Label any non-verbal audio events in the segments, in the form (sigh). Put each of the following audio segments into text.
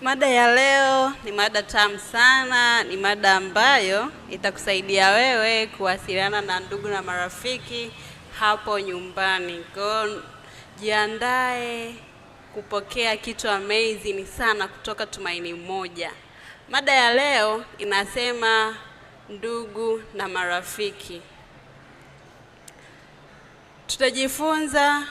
Mada ya leo ni mada tamu sana, ni mada ambayo itakusaidia wewe kuwasiliana na ndugu na marafiki hapo nyumbani. Kwa jiandae kupokea kitu amazing sana kutoka Tumaini Moja. Mada ya leo inasema ndugu na marafiki. Tutajifunza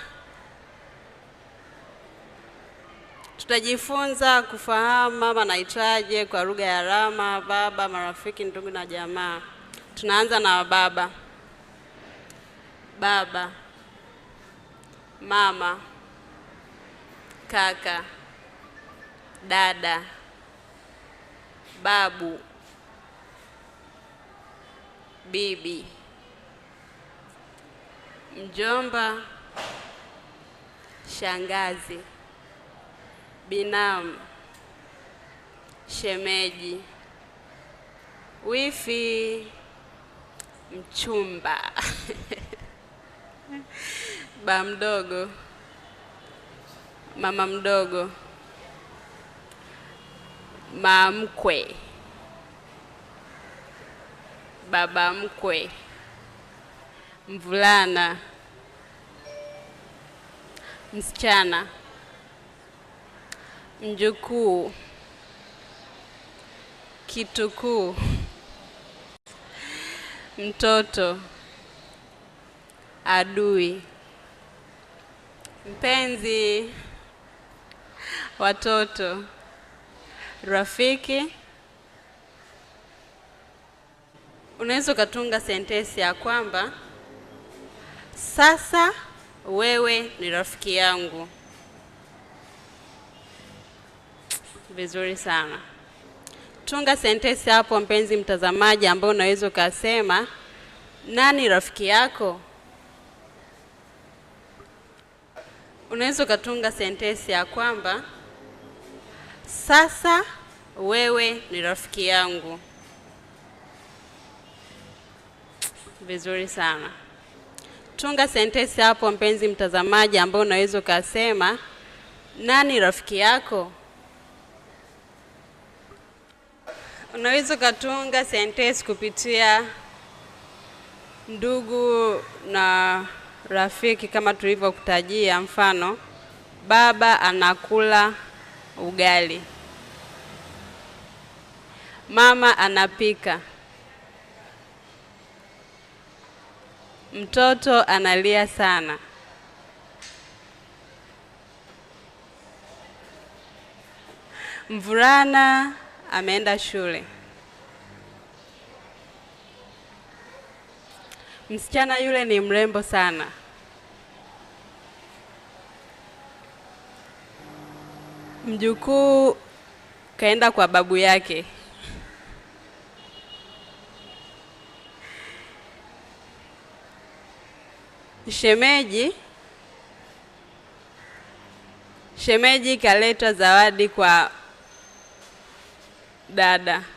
Tutajifunza kufahamu mama anahitaje kwa lugha ya alama, baba, marafiki, ndugu na jamaa. Tunaanza na baba. Baba, mama, kaka, dada, babu, bibi, mjomba, shangazi binamu, shemeji, wifi, mchumba (laughs) ba mdogo, mama mdogo, mamkwe, baba mkwe, mvulana, msichana mjukuu, kitukuu, mtoto, adui, mpenzi, watoto, rafiki. Unaweza ukatunga sentensi ya kwamba sasa wewe ni rafiki yangu. Vizuri sana. Tunga sentensi hapo mpenzi mtazamaji, ambao unaweza ukasema nani rafiki yako? Unaweza ukatunga sentensi ya kwamba sasa wewe ni rafiki yangu. Vizuri sana. Tunga sentensi hapo mpenzi mtazamaji, ambao unaweza ukasema nani rafiki yako? Unaweza ukatunga sentensi kupitia ndugu na rafiki kama tulivyokutajia. Mfano, baba anakula ugali, mama anapika, mtoto analia sana. Mvulana ameenda shule. Msichana yule ni mrembo sana. Mjukuu kaenda kwa babu yake. Shemeji shemeji kaleta zawadi kwa dada